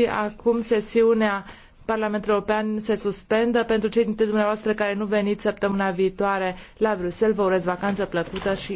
și acum sesiunea Parlamentul European se suspendă. Pentru cei dintre dumneavoastră care nu veniți săptămâna viitoare la Bruxelles, vă urez vacanță plăcută și